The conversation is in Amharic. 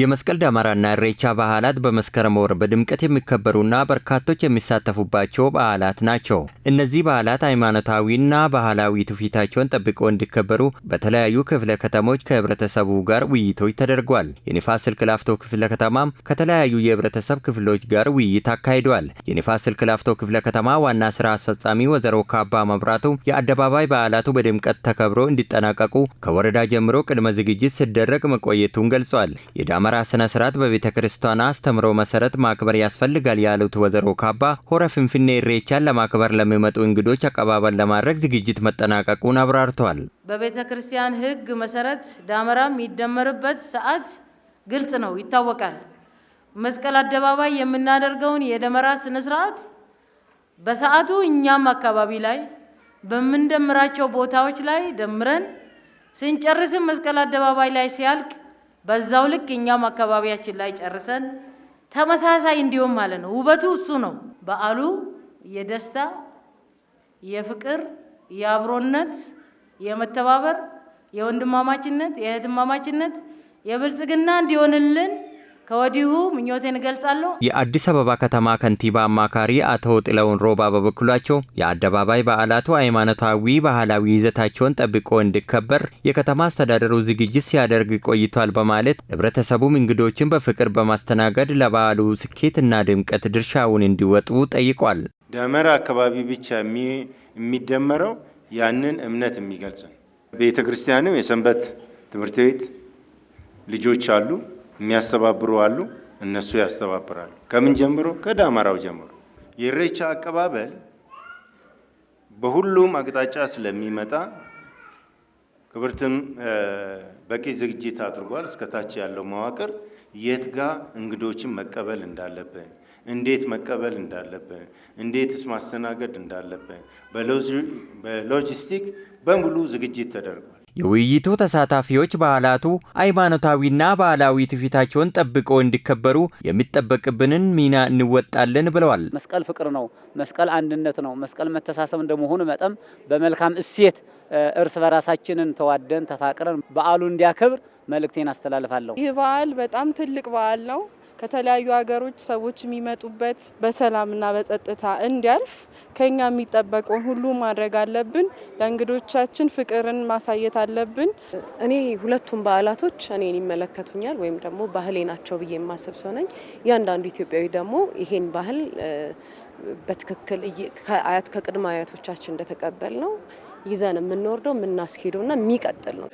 የመስቀል ደመራና ሬቻ በዓላት በመስከረም ወር በድምቀት የሚከበሩና በርካቶች የሚሳተፉባቸው በዓላት ናቸው። እነዚህ በዓላት ሃይማኖታዊና ባህላዊ ትውፊታቸውን ጠብቆ እንዲከበሩ በተለያዩ ክፍለ ከተሞች ከህብረተሰቡ ጋር ውይይቶች ተደርጓል። የንፋስ ስልክ ላፍቶ ክፍለ ከተማም ከተለያዩ የህብረተሰብ ክፍሎች ጋር ውይይት አካሂዷል። የንፋስ ስልክ ላፍቶ ክፍለ ከተማ ዋና ስራ አስፈጻሚ ወይዘሮ ካባ መብራቱ የአደባባይ በዓላቱ በድምቀት ተከብሮ እንዲጠናቀቁ ከወረዳ ጀምሮ ቅድመ ዝግጅት ሲደረግ መቆየቱን ገልጿል። የአመራ ስነ ስርዓት በቤተ አስተምሮ መሰረት ማክበር ያስፈልጋል ያሉት ወይዘሮ ካባ ሆረ ፍንፍኔ እሬቻን ለማክበር ለሚመጡ እንግዶች አቀባበል ለማድረግ ዝግጅት መጠናቀቁን አብራርተዋል። በቤተ ክርስቲያን ሕግ መሰረት ደመራ የሚደመርበት ሰዓት ግልጽ ነው፣ ይታወቃል። መስቀል አደባባይ የምናደርገውን የደመራ ስነ ስርዓት በሰዓቱ እኛም አካባቢ ላይ በምንደምራቸው ቦታዎች ላይ ደምረን ስንጨርስም መስቀል አደባባይ ላይ ሲያልቅ በዛው ልክ እኛም አካባቢያችን ላይ ጨርሰን ተመሳሳይ እንዲሆን ማለት ነው። ውበቱ እሱ ነው። በዓሉ የደስታ የፍቅር የአብሮነት የመተባበር የወንድማማችነት የእህትማማችነት የብልጽግና እንዲሆንልን ከወዲሁ ምኞቴን እገልጻለሁ። የአዲስ አበባ ከተማ ከንቲባ አማካሪ አቶ ጥለውን ሮባ በበኩላቸው የአደባባይ በዓላቱ ሃይማኖታዊ፣ ባህላዊ ይዘታቸውን ጠብቆ እንዲከበር የከተማ አስተዳደሩ ዝግጅት ሲያደርግ ቆይቷል በማለት ህብረተሰቡም እንግዶችን በፍቅር በማስተናገድ ለበዓሉ ስኬትና ድምቀት ድርሻውን እንዲወጡ ጠይቋል። ደመራ አካባቢ ብቻ የሚደመረው ያንን እምነት የሚገልጽ ቤተ ክርስቲያንም የሰንበት ትምህርት ቤት ልጆች አሉ የሚያስተባብሩ አሉ። እነሱ ያስተባብራሉ። ከምን ጀምሮ? ከዳመራው ጀምሮ። የኢሬቻ አቀባበል በሁሉም አቅጣጫ ስለሚመጣ ክብርትም በቂ ዝግጅት አድርጓል። እስከታች ያለው መዋቅር የት ጋ እንግዶችን መቀበል እንዳለብን፣ እንዴት መቀበል እንዳለብን፣ እንዴትስ ማስተናገድ እንዳለብን በሎጂስቲክ በሙሉ ዝግጅት ተደርጓል። የውይይቱ ተሳታፊዎች በዓላቱ ሃይማኖታዊና ባህላዊ ትውፊታቸውን ጠብቀው እንዲከበሩ የሚጠበቅብንን ሚና እንወጣለን ብለዋል። መስቀል ፍቅር ነው። መስቀል አንድነት ነው። መስቀል መተሳሰብ እንደመሆኑ መጠን በመልካም እሴት እርስ በራሳችንን ተዋደን ተፋቅረን በዓሉ እንዲያከብር መልእክቴን አስተላልፋለሁ። ይህ በዓል በጣም ትልቅ በዓል ነው። ከተለያዩ ሀገሮች ሰዎች የሚመጡበት በሰላምና በጸጥታ እንዲያልፍ ከኛ የሚጠበቀውን ሁሉ ማድረግ አለብን። ለእንግዶቻችን ፍቅርን ማሳየት አለብን። እኔ ሁለቱም በዓላቶች እኔን ይመለከቱኛል ወይም ደግሞ ባህሌ ናቸው ብዬ የማስብ ሰው ነኝ። እያንዳንዱ ኢትዮጵያዊ ደግሞ ይሄን ባህል በትክክል አያት ከቅድመ አያቶቻችን እንደተቀበል ነው ይዘን የምንወርደው የምናስሄደውና የሚቀጥል ነው።